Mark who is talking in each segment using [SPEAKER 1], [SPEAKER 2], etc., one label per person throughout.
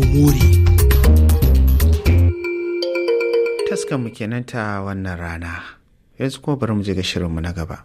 [SPEAKER 1] ku more. Taskanmu kenan ta wannan rana, yanzu kuma bari mu je ga shirinmu na gaba.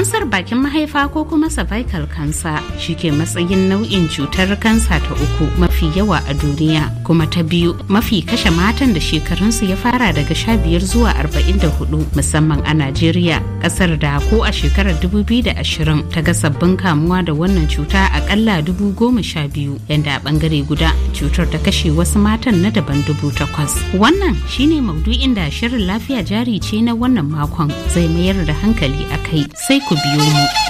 [SPEAKER 2] kansar bakin mahaifa ko kuma cervical cancer ke matsayin nau'in cutar kansa ta uku mafi yawa a duniya kuma ta biyu mafi kashe matan da shekarunsu ya fara daga sha biyar zuwa arba'in da hudu musamman a najeriya kasar da ko a shekarar dubu biyu da ashirin ta ga sabbin kamuwa da wannan cuta akalla dubu goma sha biyu yanda a bangare guda cutar ta kashe wasu matan na daban dubu takwas wannan shine maudu'in da shirin lafiya jari ce na wannan makon zai mayar da hankali a kai sai 会比较。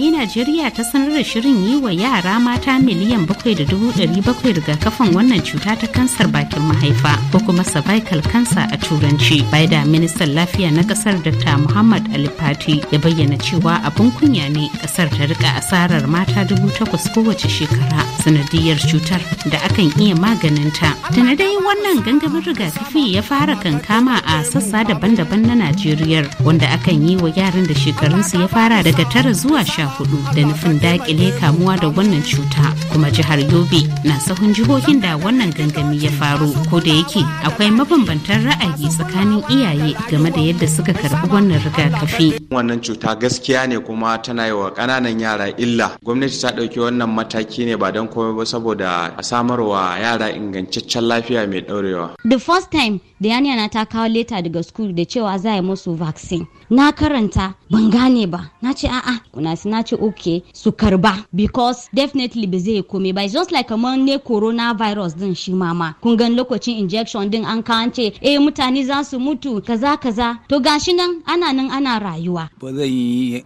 [SPEAKER 2] ne Najeriya ta sanar da shirin yi wa yara mata miliyan bakwai da dubu ɗari bakwai wannan cuta ta kansar bakin mahaifa ko kuma cervical cancer a turanci bai da ministan lafiya na kasar Dr. Muhammad Ali Fati ya bayyana cewa abin kunya ne kasar ta rika asarar mata dubu takwas kowace shekara sanadiyar cutar da akan iya maganinta. Tana dai wannan gangamin rigakafi ya fara kankama a sassa daban-daban na Najeriya wanda akan yi wa yaran da shekarunsu ya fara daga tara zuwa sha hudu da nufin dakile kamuwa da wannan cuta kuma jihar yobe na sahun jihohin da wannan gangami ya faru ko da yake akwai mabambantan ra'ayi tsakanin iyaye game da yadda suka karbi wannan
[SPEAKER 1] rigakafi wannan cuta gaskiya ne kuma tana yi wa ƙananan yara illa gwamnati ta ɗauki wannan mataki ne ba don komai ba saboda a samarwa yara ingantaccen lafiya mai ɗaurewa
[SPEAKER 3] the first time da na ta kawo leta daga school da cewa za a yi musu vaccine na karanta ban gane ba na ce a'a kuna suna na ce okay su karba because definitely ba zai komai ba just like kamar ne coronavirus din shi ma ma kun gan lokacin injection din an kawo ce eh mutane za su mutu kaza kaza to gashi nan ana nan ana rayuwa
[SPEAKER 1] ba zan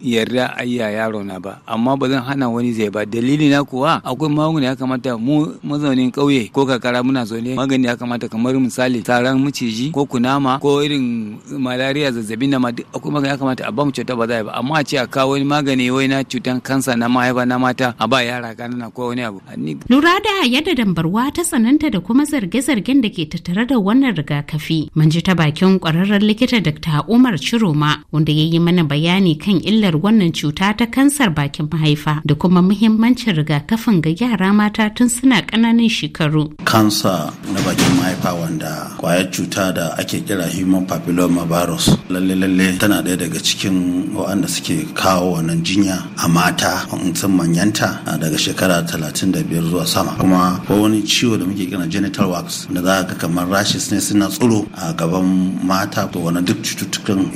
[SPEAKER 1] yarda ayya yaro na ba amma ba zan hana wani zai ba dalili na kuwa akwai magani ya kamata mu mazaunin kauye ko kakara muna zaune magani ya kamata kamar misali taron miciji ko kunama ko irin malaria zazzabin na ma akwai magani ya kamata a ba mu ta ba zai ba amma a ce a kawo wani magani wai na na cutan kansa na mahaifa na mata a ba yara ƙanana ko wani abu.
[SPEAKER 2] Lura da yadda dambarwa ta tsananta da kuma zarge-zargen da ke tattare da wannan rigakafi. Mun ji ta bakin kwararren likita Dr. Umar Chiroma wanda ya yi mana bayani kan illar wannan cuta ta kansar bakin mahaifa da kuma muhimmancin rigakafin ga yara mata tun suna ƙananan shekaru.
[SPEAKER 1] Kansa na bakin mahaifa wanda kwayar cuta da ake kira human papilloma virus lalle-lalle tana ɗaya daga cikin waɗanda suke kawo wannan jinya a mata in mutum manyanta daga shekara 35 zuwa sama kuma ko wani ciwo da muke kira genital wax da za ka kamar rashes ne suna tsoro a gaban mata to wani duk cututtukan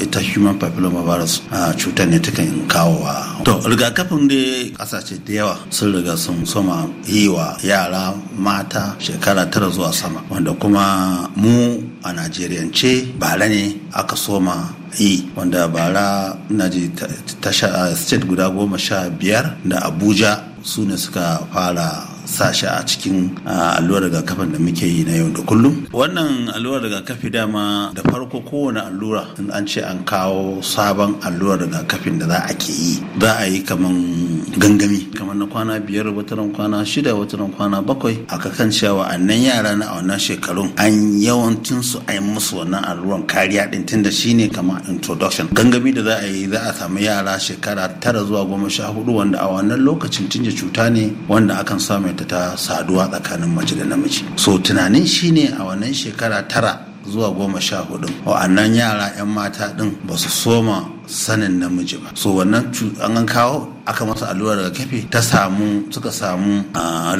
[SPEAKER 1] ita human papilloma virus cutar ne takan kawo To rigakafin da kasashe da yawa sun riga sun soma yi wa yara mata shekara tara zuwa sama wanda kuma mu a Najeriyance bara ne aka soma yi wanda bara na ji tasha state guda goma sha biyar da Abuja su ne suka fara sa shi a cikin allurar rigakafin da muke yi na yau da kullum wannan allurar rigakafi dama da farko kowane allura sun an ce an kawo sabon allurar rigakafin da za a ke yi za a yi kaman gangami kamar na kwana biyar wataran kwana shida wataran kwana bakwai ka kan cewa wa'annan yara na a shekarun an yawancin su a yi musu wannan alluran kariya din tunda shine kamar introduction gangami da za a yi za a samu yara shekara tara zuwa goma sha hudu wanda a wannan lokacin tunje cuta ne wanda akan samu da ta saduwa tsakanin mace da namiji so tunanin shine a wannan shekara tara zuwa goma sha hudu wa'annan yara 'yan mata ɗin ba su soma sanin namiji ba so wannan an kawo aka masa allurar rigakafi ta samu suka samu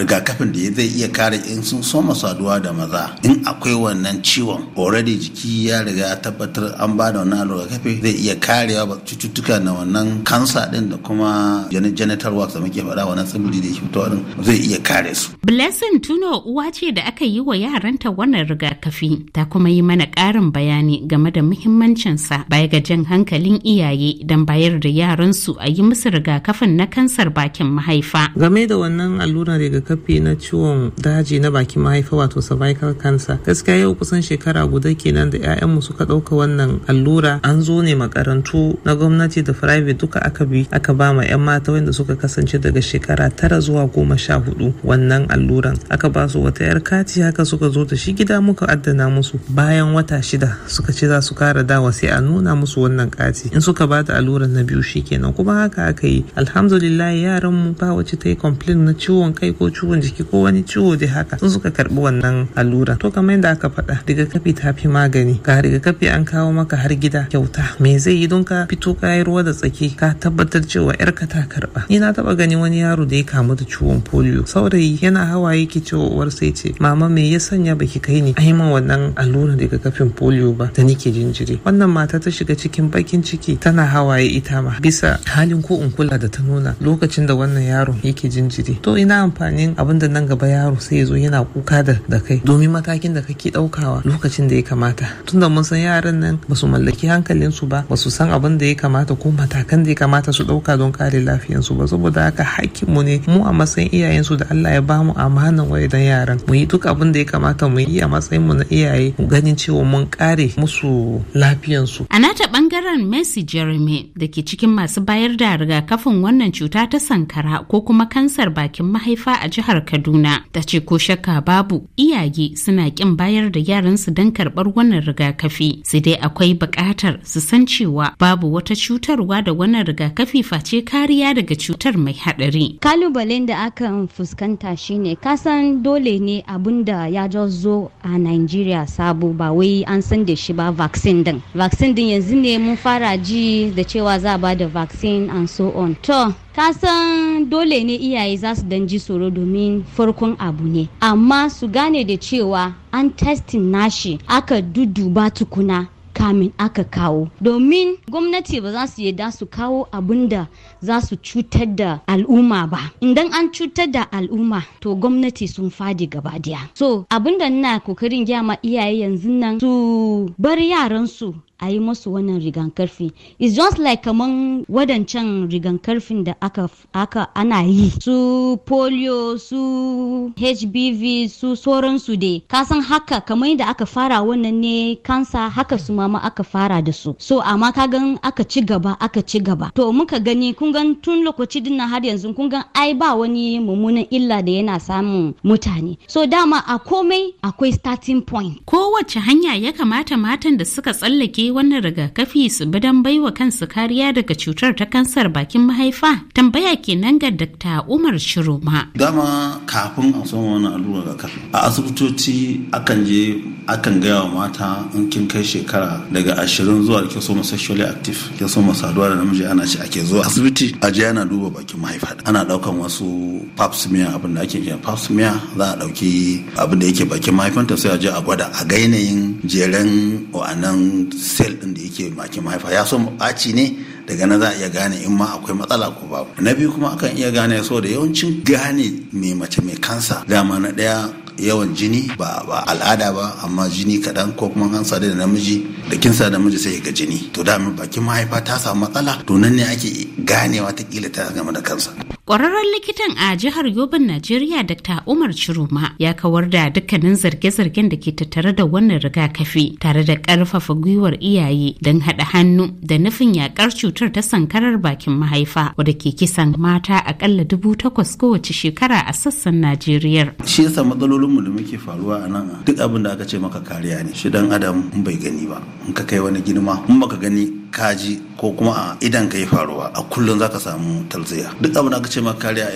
[SPEAKER 1] rigakafin da zai iya kare in sun soma saduwa da maza in akwai wannan ciwon already jiki ya riga tabbatar an ba da wannan rigakafi zai iya karewa ba cututtuka na wannan kansa din da kuma genital wax da muke faɗa wannan tsibiri da ke fitowa din zai iya kare su.
[SPEAKER 2] Blessing Tuno uwa ce da aka yi wa yaranta wannan rigakafi ta kuma yi mana ƙarin bayani game da muhimmancinsa baya ga jan hankalin iyaye don bayar da yaransu a yi musu rigakafi rigakafin na kansar bakin mahaifa.
[SPEAKER 4] Game da wannan alluran rigakafi na ciwon daji na bakin mahaifa wato cervical cancer. Gaskiya yau kusan shekara guda kenan da 'ya'yanmu suka ɗauka wannan allura an zo ne makarantu na gwamnati da private duka aka bi aka ba ma 'yan mata wanda suka kasance daga shekara tara zuwa goma sha hudu wannan alluran aka ba su wata 'yar kati haka suka zo da shi gida muka addana musu bayan wata shida suka ce za su kara dawa sai a nuna musu wannan kati in suka ba da alluran na biyu shi kenan kuma haka aka yi alhamdulillah yaran mu ba wace ta yi complain na ciwon kai ko ciwon jiki ko wani ciwo dai haka sun suka karbi wannan allura to kamar yadda aka faɗa daga kafi ta fi magani ga kafi an kawo maka har gida kyauta me zai yi don ka fito kayan ruwa da tsaki ka tabbatar cewa yarka ta karba ni na taba gani wani yaro da ya kamu da ciwon polio saurayi yana hawaye ki cewa uwar sai ce mama me ya sanya baki kai ni yi ma wannan allura kafin polio ba da nike jinjiri wannan mata ta shiga cikin bakin ciki tana hawaye ita ma bisa halin ko in kula da ta nuna lokacin da wannan yaron yake jinjiri to ina amfanin abin da nan gaba yaro sai ya zo yana kuka da da kai domin matakin da kake daukawa lokacin da ya kamata tunda mun san yaran nan ba su mallaki hankalin su ba ba su san abin da ya kamata ko matakan da ya kamata su dauka don kare lafiyar su ba saboda haka hakkin mu ne mu a matsayin iyayen su da Allah ya bamu amanan dan yaran mu yi duk abin da ya kamata mu yi a matsayin mu na iyaye mu ganin cewa mun kare musu lafiyar su a
[SPEAKER 2] nata bangaren Messi Jeremy da ke cikin masu bayar da rigakafin wannan cuta ta sankara ko kuma kansar bakin mahaifa a jihar Kaduna. Ta ce ko shakka babu iyaye suna kin bayar da yaransu don karɓar wannan rigakafi. su dai akwai buƙatar su san cewa babu wata cutarwa da wannan rigakafi face kariya daga cutar mai haɗari.
[SPEAKER 3] Kalubalen da aka fuskanta shine kasan dole ne abun da ya zo a nigeria sabo ba wai an san da shi ba vaccine din. Vaccine din yanzu ne mun fara ji da cewa za a ba da vaccine and so on. To, san dole ne iyaye za su danji tsoro domin farkon abu ne, amma su gane da cewa an testin nashi aka duduba tukuna kamin aka kawo domin gwamnati ba za su yadda su kawo abin da za su cutar da al'umma ba idan an cutar da al'umma to gwamnati sun fadi gaba daya so abin da na kokarin gyama iyaye yanzu nan su bar yaransu. a yi musu wannan rigan karfi it's just like kaman wadancan karfin da aka, aka ana yi su polio su hbv su sauransu dai san haka kamar yadda aka fara wannan ne kansa haka su ma aka fara da su so amma ka gan aka ci gaba aka ci gaba to muka gani kun gan tun lokaci dinnan har yanzu kun gan ai ba wani mummunan illa da yana samun mutane so dama a komai akwai starting point
[SPEAKER 2] kowace hanya ya kamata matan da suka tsallake yi wannan rigakafi su bi don wa kansu kariya daga cutar ta kansar bakin mahaifa tambaya kenan ga Dr. Umar Shiroma.
[SPEAKER 1] Dama kafin a soma wani allura rigakafi a asibitoci akan je akan gaya wa mata in kin kai shekara daga ashirin zuwa kin so sexually active kin so saduwa da namiji ana ce ake zuwa asibiti a je ana duba bakin mahaifa ana daukan wasu pap smear abin da ake kira pap smear za a dauki abin da yake bakin mahaifanta sai a je a gwada a ga yanayin jeren wa'annan cell din da yake bakin mahaifa ya so baci ne daga na za a iya gane in ma akwai matsala ko babu na biyu kuma akan iya gane so da yawancin gane mai mace mai kansa dama na ɗaya yawan jini ba ba al'ada ba amma jini kaɗan ko kuma an sadu da namiji da kin sadu da namiji sai ga jini to da bakin mahaifa ta samu matsala to nan ne ake ganewa ta kila ta game da kansa
[SPEAKER 2] Ƙwararren likitan a jihar Yobin Najeriya Dr. Umar Chiroma ya kawar da dukkanin zarge-zargen da ke tattare da wannan rigakafi tare da ƙarfafa gwiwar iyaye don haɗa hannu da nufin yaƙar cutar ta sankarar bakin mahaifa wadda ke kisan mata akalla dubu takwas kowace shekara a sassan Najeriya.
[SPEAKER 1] Shi yasa matsalolin mu da muke faruwa a nan duk abin da aka ce maka kariya ne shi dan adam in bai gani ba in ka kai wani girma in baka gani kaji ko kuma a idan ka yi faruwa a kullum za ka samu talziya duk abin da aka ce maka kariya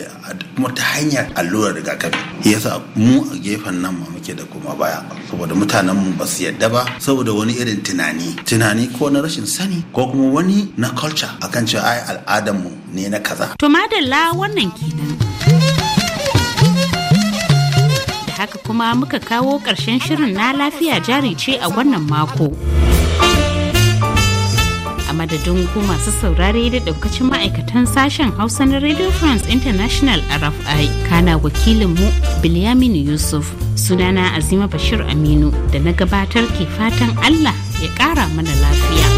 [SPEAKER 1] kuma ta hanyar allurar rigakafi yasa mu a gefen nan ma muke da kuma baya saboda mutanen mu ba su yadda ba saboda wani irin tunani tunani ko na rashin sani ko kuma wani na culture akan cewa ai al'adar mu ne na kaza
[SPEAKER 2] to madalla wannan kenan haka kuma muka kawo ƙarshen shirin na lafiya jari ce a wannan mako. madadin ku masu saurari da daukacin ma'aikatan sashen hausa na radio france international rfi kana wakilinmu bilyamin yusuf sunana azima bashir aminu da na gabatar ke fatan allah ya kara mana lafiya